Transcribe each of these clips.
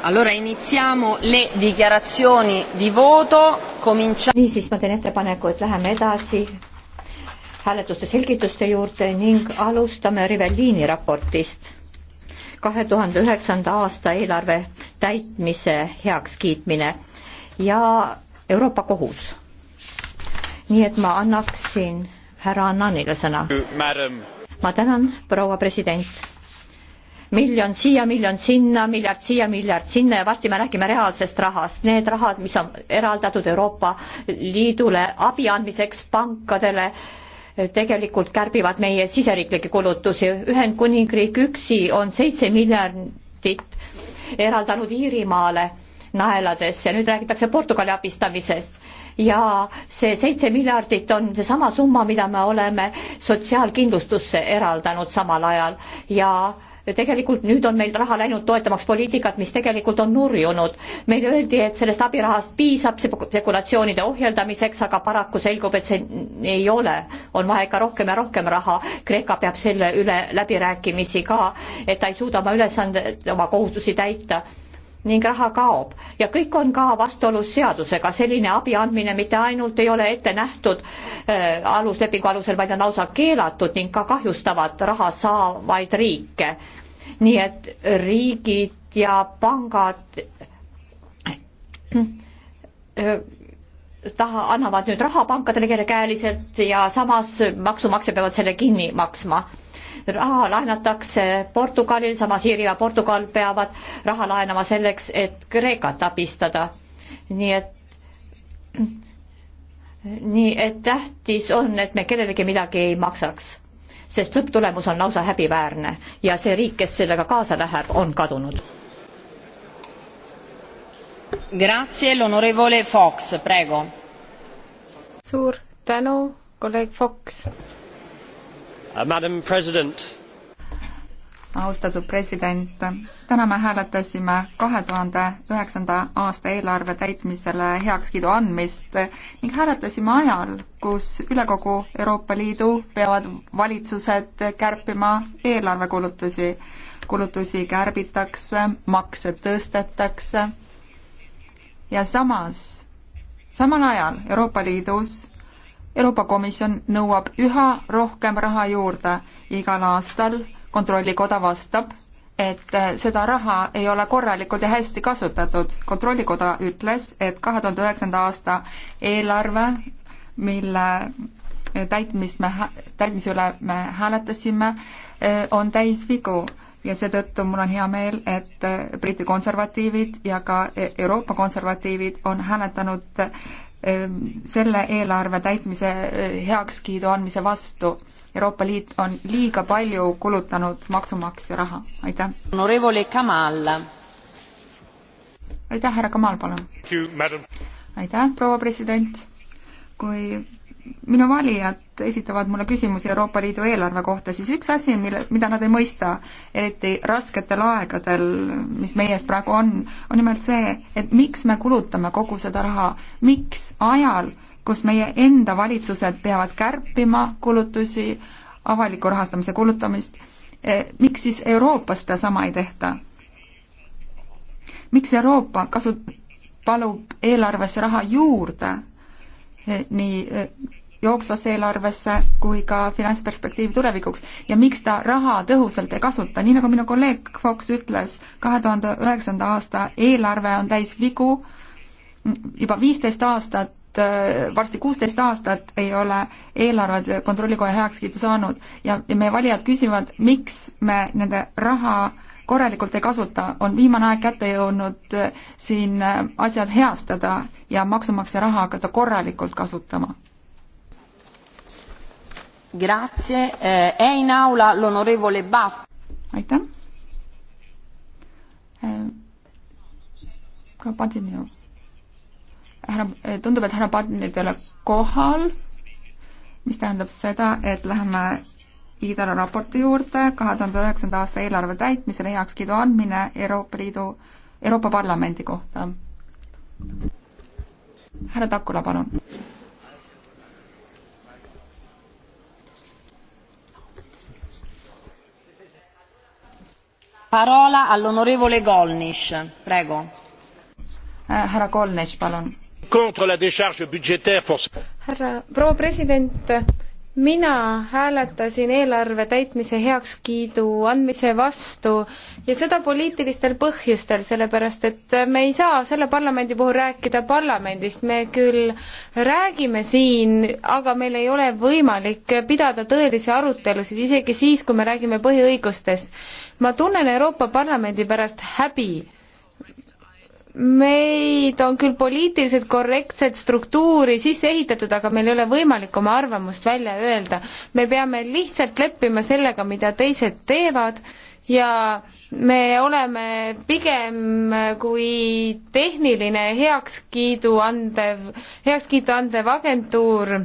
Allora iniziamo le dichiarazioni di voto. Comincia... niisiis, ma teen ettepaneku, et läheme edasi hääletuste selgituste juurde ning alustame Rivellini raportist kahe tuhande üheksanda aasta eelarve täitmise heakskiitmine ja Euroopa Kohus. nii et ma annaksin härra Annanile sõna. ma tänan, proua president miljon siia, miljon sinna, miljard siia, miljard sinna ja varsti me räägime reaalsest rahast. Need rahad, mis on eraldatud Euroopa Liidule abi andmiseks pankadele, tegelikult kärbivad meie siseriiklikke kulutusi. Ühendkuningriik üksi on seitse miljardit eraldanud Iirimaale naelades ja nüüd räägitakse Portugali abistamisest ja see seitse miljardit on seesama summa, mida me oleme sotsiaalkindlustusse eraldanud samal ajal ja tegelikult nüüd on meil raha läinud toetamaks poliitikat, mis tegelikult on nurjunud. meile öeldi, et sellest abirahast piisab spekulatsioonide ohjeldamiseks, aga paraku selgub, et see ei ole. on vaja ikka rohkem ja rohkem raha. Kreeka peab selle üle läbirääkimisi ka, et ta ei suuda oma ülesanded, oma kohustusi täita ning raha kaob ja kõik on ka vastuolus seadusega, selline abi andmine mitte ainult ei ole ette nähtud äh, aluslepingu alusel, vaid on lausa keelatud ning ka kahjustavad raha saavaid riike. nii et riigid ja pangad äh, taha, annavad nüüd raha pankadele kergekäeliselt ja samas maksumaksjad peavad selle kinni maksma raha laenatakse Portugalil, samas Iiri ja Portugal peavad raha laenama selleks, et Kreekat abistada. nii et, nii et tähtis on, et me kellelegi midagi ei maksaks, sest lõpptulemus on lausa häbiväärne ja see riik, kes sellega kaasa läheb, on kadunud. Grazie, l'onorevole Fox, prego. suur tänu, kolleeg Fox. Uh, austatud president, täna me hääletasime kahe tuhande üheksanda aasta eelarve täitmisele heakskiidu andmist ning hääletasime ajal, kus üle kogu Euroopa Liidu peavad valitsused kärpima eelarvekulutusi. kulutusi kärbitakse, makse tõstetakse ja samas, samal ajal Euroopa Liidus Euroopa Komisjon nõuab üha rohkem raha juurde. igal aastal Kontrollikoda vastab, et äh, seda raha ei ole korralikult ja hästi kasutatud. kontrollikoda ütles, et kahe tuhande üheksanda aasta eelarve, mille äh, täitmist me, täitmise üle me hääletasime, äh, on täis vigu ja seetõttu mul on hea meel, et Briti konservatiivid ja ka Euroopa konservatiivid on hääletanud Ehm, selle eelarve täitmise eh, heakskiidu andmise vastu. Euroopa Liit on liiga palju kulutanud maksumaksja raha, aitäh. aitäh, härra Kamal, palun. aitäh, proua president. kui minu valijad esitavad mulle küsimusi Euroopa Liidu eelarve kohta, siis üks asi, mille, mida nad ei mõista, eriti rasketel aegadel, mis meie ees praegu on, on nimelt see, et miks me kulutame kogu seda raha, miks ajal, kus meie enda valitsused peavad kärpima kulutusi, avaliku rahastamise kulutamist, eh, miks siis Euroopas sedasama ei tehta? miks Euroopa kasu-, palub eelarvesse raha juurde eh, nii eh, jooksvasse eelarvesse kui ka finantsperspektiivi tulevikuks ja miks ta raha tõhusalt ei kasuta, nii nagu minu kolleeg Fox ütles, kahe tuhande üheksanda aasta eelarve on täis vigu, juba viisteist aastat, äh, varsti kuusteist aastat ei ole eelarved Kontrollikoja heakskiitu saanud ja, ja meie valijad küsivad, miks me nende raha korralikult ei kasuta, on viimane aeg kätte jõudnud äh, siin äh, asjad heastada ja maksumaksja raha hakata korralikult kasutama Grazie, eh, è in aula l'onorevole Bat-. aitäh. ka eh, Padini, härra, eh, tundub, et härra Padinit ei ole kohal, mis tähendab seda, et läheme IDARA raporti juurde, kahe tuhande üheksanda aasta eelarve täitmisele heakskiidu andmine Euroopa Liidu, Euroopa Parlamendi kohta. härra Takula, palun parola all'onorevole Golnish, prego. Eh, härra Golnish, palun. härra proua president mina hääletasin eelarve täitmise heakskiidu andmise vastu ja seda poliitilistel põhjustel, sellepärast et me ei saa selle parlamendi puhul rääkida parlamendist, me küll räägime siin, aga meil ei ole võimalik pidada tõelisi arutelusid, isegi siis, kui me räägime põhiõigustest. ma tunnen Euroopa Parlamendi pärast häbi meid on küll poliitiliselt korrektset struktuuri sisse ehitatud, aga meil ei ole võimalik oma arvamust välja öelda. me peame lihtsalt leppima sellega, mida teised teevad ja me oleme pigem kui tehniline heakskiidu andev, heakskiitu andev agentuur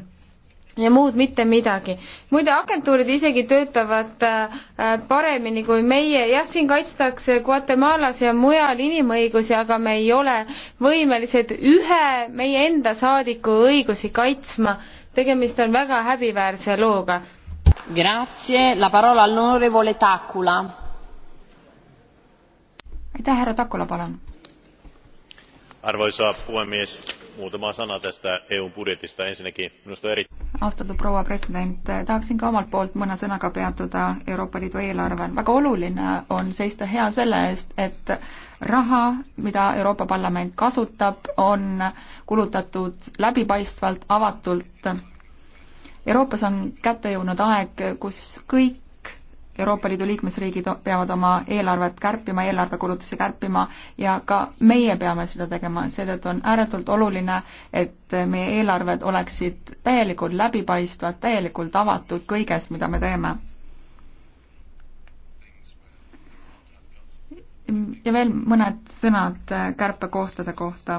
ja muud mitte midagi. muide, agentuurid isegi töötavad äh, äh, paremini kui meie, jah, siin kaitstakse Guatemalas ja mujal inimõigusi, aga me ei ole võimelised ühe meie enda saadiku õigusi kaitsma. tegemist on väga häbiväärse looga. Grazie, la parola all'onorevole Takula. aitäh, härra Takula, palun. arvoisa puhemies muutama sana tästä EUn budjetista. Ensinnäkin minusta eri... Austatud proua president, tahaksin ka omalt poolt mõne sõnaga peatuda Euroopa Liidu eelarvel. Väga oluline on seista hea selle eest, et raha, mida Euroopa Parlament kasutab, on kulutatud läbipaistvalt, avatult. Euroopas on kätte jõudnud aeg, kus kõik Euroopa Liidu liikmesriigid peavad oma eelarvet kärpima, eelarvekulutusi kärpima ja ka meie peame seda tegema, seetõttu on ääretult oluline, et meie eelarved oleksid täielikult läbipaistvad, täielikult avatud kõiges, mida me teeme. ja veel mõned sõnad kärpekohtade kohta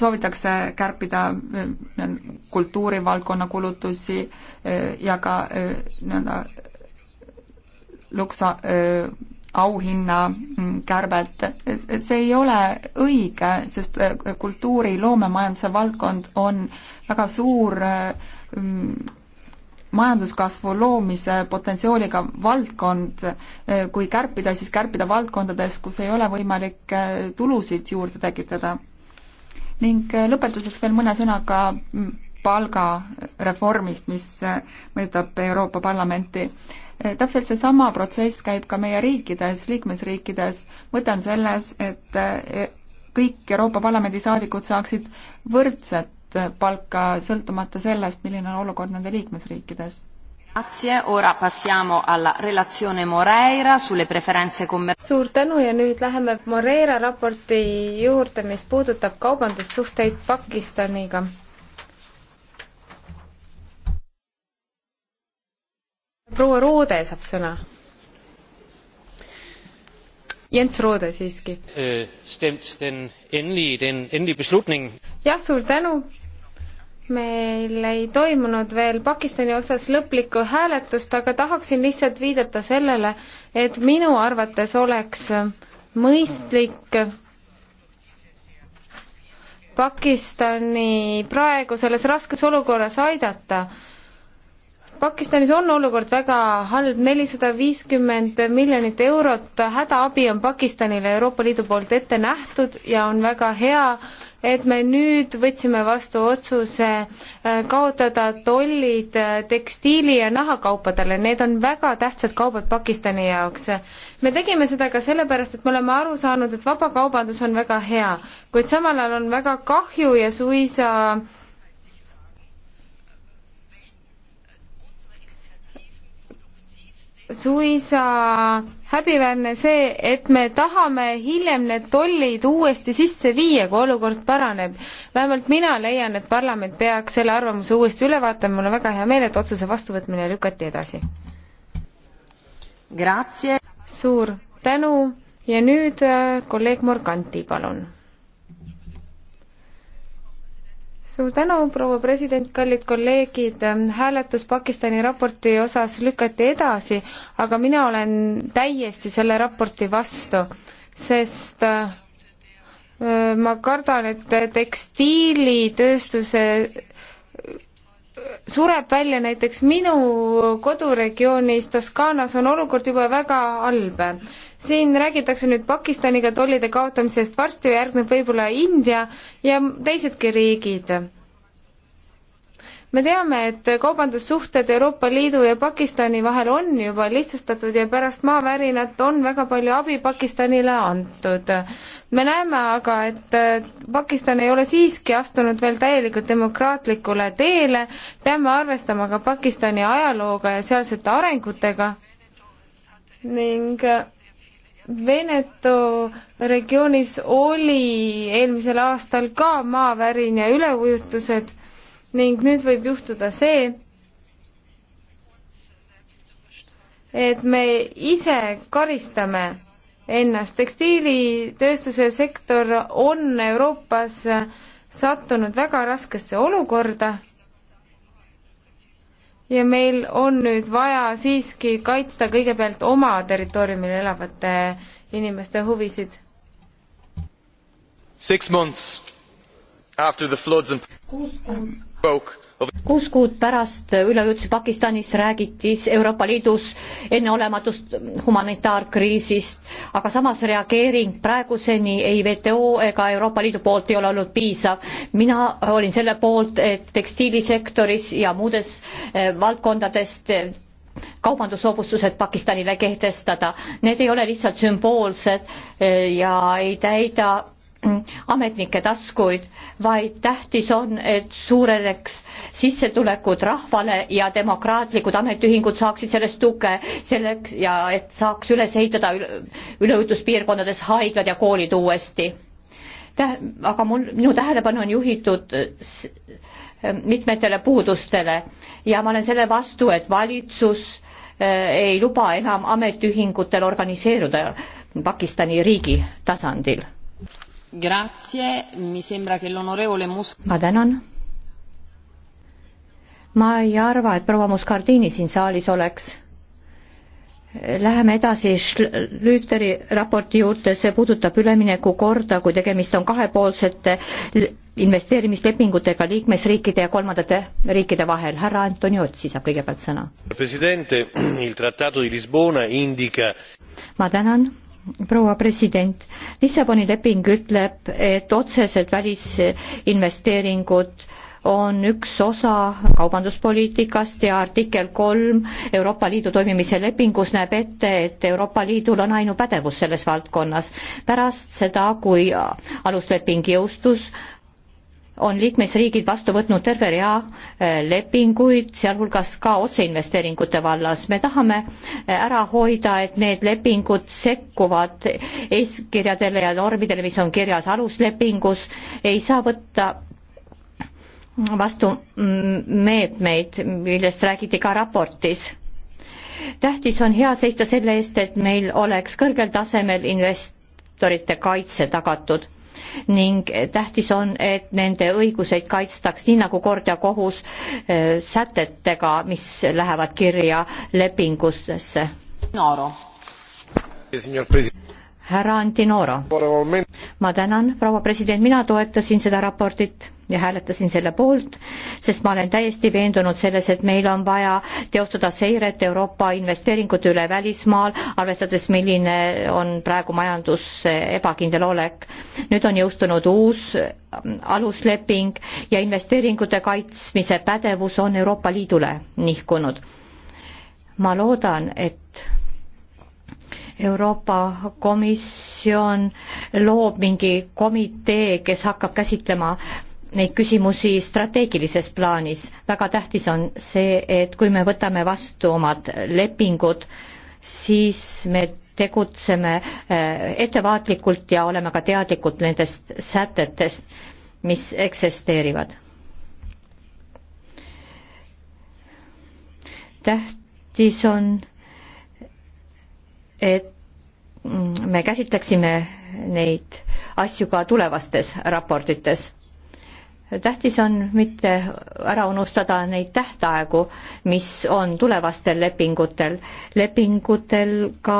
soovitakse kärpida äh, kultuurivaldkonna kulutusi äh, ja ka äh, nii-öelda luksa-, auhinna mm, kärbet. see ei ole õige, sest kultuuri loomemajanduse valdkond on väga suur mm, majanduskasvu loomise potentsiaaliga valdkond, kui kärpida, siis kärpida valdkondades, kus ei ole võimalik tulusid juurde tekitada. ning lõpetuseks veel mõne sõnaga mm, palga reformist, mis äh, mõjutab Euroopa Parlamenti. Äh, täpselt seesama protsess käib ka meie riikides, liikmesriikides. mõte on selles, et äh, kõik Euroopa Parlamendi saadikud saaksid võrdset palka, sõltumata sellest, milline on olukord nende liikmesriikides. Grazie, ora passiamo alla relazione Moreira sulle preferenze commer-. suur tänu ja nüüd läheme Moreira raporti juurde, mis puudutab kaubandussuhteid Pakistaniga proua Roode saab sõna. Jens Roode siiski. Øh, jah, suur tänu. meil ei toimunud veel Pakistani osas lõplikku hääletust, aga tahaksin lihtsalt viidata sellele, et minu arvates oleks mõistlik Pakistani praegu selles raskes olukorras aidata Pakistanis on olukord väga halb, nelisada viiskümmend miljonit eurot hädaabi on Pakistanile Euroopa Liidu poolt ette nähtud ja on väga hea, et me nüüd võtsime vastu otsuse äh, kaotada tollid äh, tekstiili- ja nahakaupadele, need on väga tähtsad kaubad Pakistani jaoks. me tegime seda ka sellepärast, et me oleme aru saanud, et vabakaubandus on väga hea, kuid samal ajal on väga kahju ja suisa äh, suisa häbiväärne see, et me tahame hiljem need tollid uuesti sisse viia, kui olukord paraneb. vähemalt mina leian, et parlament peaks selle arvamuse uuesti üle vaatama, mul on väga hea meel, et otsuse vastuvõtmine lükati edasi. suur tänu ja nüüd äh, kolleeg Morganti, palun suur tänu, proua president, kallid kolleegid, hääletus Pakistani raporti osas lükati edasi, aga mina olen täiesti selle raporti vastu, sest äh, ma kardan, et tekstiilitööstuse sureb välja näiteks minu koduregioonis Toskaanas on olukord juba väga halb. siin räägitakse nüüd Pakistaniga tollide kaotamisest, varsti järgneb võib-olla India ja teisedki riigid me teame, et kaubandussuhted Euroopa Liidu ja Pakistani vahel on juba lihtsustatud ja pärast maavärinat on väga palju abi Pakistanile antud. me näeme aga, et Pakistan ei ole siiski astunud veel täielikult demokraatlikule teele, peame arvestama ka Pakistani ajalooga ja sealsete arengutega ning Veneto regioonis oli eelmisel aastal ka maavärin ja üleujutused ning nüüd võib juhtuda see, et me ise karistame ennast. tekstiilitööstuse sektor on Euroopas sattunud väga raskesse olukorda ja meil on nüüd vaja siiski kaitsta kõigepealt oma territooriumil elavate inimeste huvisid. And... kuus kuud ähm, kuus kuud pärast üleujutusi Pakistanis räägiti Euroopa Liidus enneolematust humanitaarkriisist, aga samas reageering praeguseni ei WTO ega Euroopa Liidu poolt ei ole olnud piisav. mina olin selle poolt, et tekstiilisektoris ja muudes eh, valdkondadest eh, kaubandussoodustused Pakistanile kehtestada. Need ei ole lihtsalt sümboolsed eh, ja ei täida ametnike taskuid, vaid tähtis on, et suureneks sissetulekud rahvale ja demokraatlikud ametiühingud saaksid sellest tuge, selleks ja et saaks üles ehitada üleujutuspiirkondades haiglad ja koolid uuesti. Täh-, aga mul, minu tähelepanu on juhitud mitmetele puudustele ja ma olen selle vastu, et valitsus äh, ei luba enam ametiühingutel organiseeruda Pakistani riigi tasandil. Mus... ma tänan. ma ei arva, et proua Muscardini siin saalis oleks. Läheme edasi Schlüteri raporti juurde, see puudutab üleminekukorda, kui tegemist on kahepoolsete investeerimislepingutega liikmesriikide ja kolmandate riikide vahel. härra Antoniotsi saab kõigepealt sõna. ma tänan proua president, Lissaboni leping ütleb, et otsesed välisinvesteeringud on üks osa kaubanduspoliitikast ja artikkel kolm Euroopa Liidu toimimise lepingus näeb ette, et Euroopa Liidul on ainupädevus selles valdkonnas. pärast seda, kui alusleping jõustus, on liikmesriigid vastu võtnud terve rea eh, lepinguid, sealhulgas ka otseinvesteeringute vallas. me tahame eh, ära hoida, et need lepingud sekkuvad eeskirjadele ja normidele, mis on kirjas aluslepingus, ei saa võtta vastu mm, meetmeid, millest räägiti ka raportis tähtis on hea seista selle eest, et meil oleks kõrgel tasemel investorite kaitse tagatud ning tähtis on, et nende õiguseid kaitstaks nii, nagu kord ja kohus eh, sätetega, mis lähevad kirja lepingustesse. Eh, härra Antinoro, ma tänan, proua president, mina toetasin seda raportit ja hääletasin selle poolt, sest ma olen täiesti veendunud selles, et meil on vaja teostada seiret Euroopa investeeringute üle välismaal, arvestades, milline on praegu majandus ebakindel olek. nüüd on jõustunud uus ähm, alusleping ja investeeringute kaitsmise pädevus on Euroopa Liidule nihkunud. ma loodan, et Euroopa Komisjon loob mingi komitee, kes hakkab käsitlema neid küsimusi strateegilises plaanis. väga tähtis on see, et kui me võtame vastu omad lepingud, siis me tegutseme eh, ettevaatlikult ja oleme ka teadlikud nendest sätetest, mis eksisteerivad. tähtis on, et me käsitleksime neid asju ka tulevastes raportites tähtis on mitte ära unustada neid tähtaegu, mis on tulevastel lepingutel, lepingutel ka,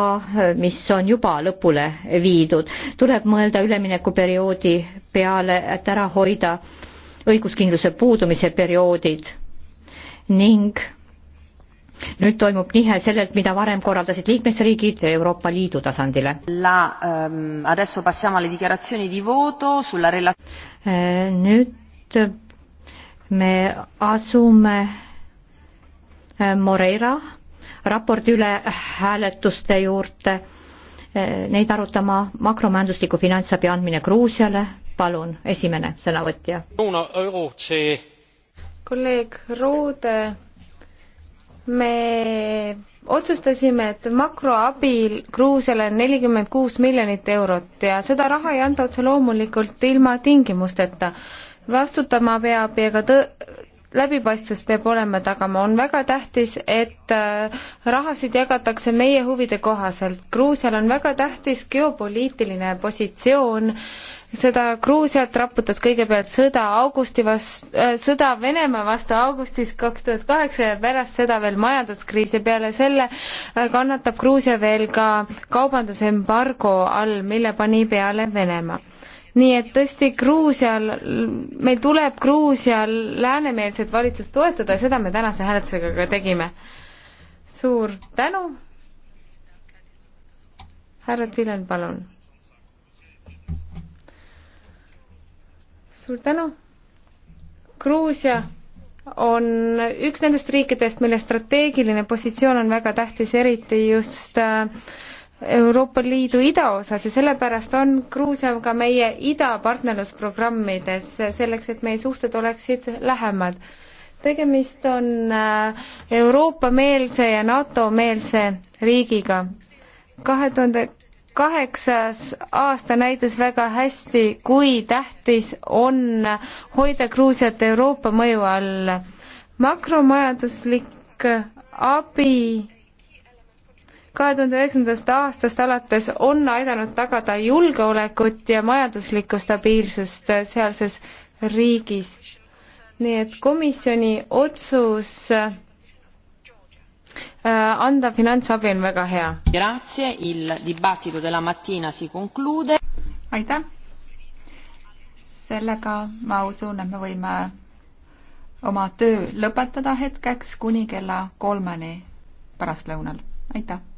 mis on juba lõpule viidud. tuleb mõelda üleminekuperioodi peale, et ära hoida õiguskindluse puudumise perioodid ning nüüd toimub nihe sellelt, mida varem korraldasid liikmesriigid Euroopa Liidu tasandile. La ähm, adesso passiamo alle dichiarazioni di voto sulla rela- äh, nüüd nüüd me asume äh, Moreira raporti üle hääletuste juurde, äh, neid arutama makromajandusliku finantsabi andmine Gruusiale, palun, esimene sõnavõtja. kolleeg Roode, me otsustasime, et makroabi Gruusiale on nelikümmend kuus miljonit eurot ja seda raha ei anta otse loomulikult ilma tingimusteta vastutama peab ja ka tõ-, läbipaistvus peab olema tagama, on väga tähtis, et äh, rahasid jagatakse meie huvide kohaselt. Gruusial on väga tähtis geopoliitiline positsioon, seda Gruusiat raputas kõigepealt sõda augusti vastu, äh, sõda Venemaa vastu augustis kaks tuhat kaheksa ja pärast seda veel majanduskriis ja peale selle äh, kannatab Gruusia veel ka kaubandusembargo all, mille pani peale Venemaa nii et tõesti Gruusial, meil tuleb Gruusial läänemeelset valitsust toetada ja seda me tänase hääletusega ka tegime. suur tänu. härra Tilen, palun. suur tänu. Gruusia on üks nendest riikidest, mille strateegiline positsioon on väga tähtis, eriti just äh, Euroopa Liidu idaosas ja sellepärast on Gruusia ka meie idapartnerlusprogrammides, selleks et meie suhted oleksid lähemad. tegemist on äh, Euroopa-meelse ja NATO-meelse riigiga. kahe tuhande kaheksas aasta näitas väga hästi, kui tähtis on hoida Gruusiat Euroopa mõju all. makromajanduslik abi kahe tuhande üheksandast aastast alates on aidanud tagada julgeolekut ja majanduslikku stabiilsust sealses riigis. nii et komisjoni otsus äh, anda finantsabi on väga hea. aitäh! sellega ma usun, et me võime oma töö lõpetada hetkeks kuni kella kolmeni pärastlõunal. aitäh!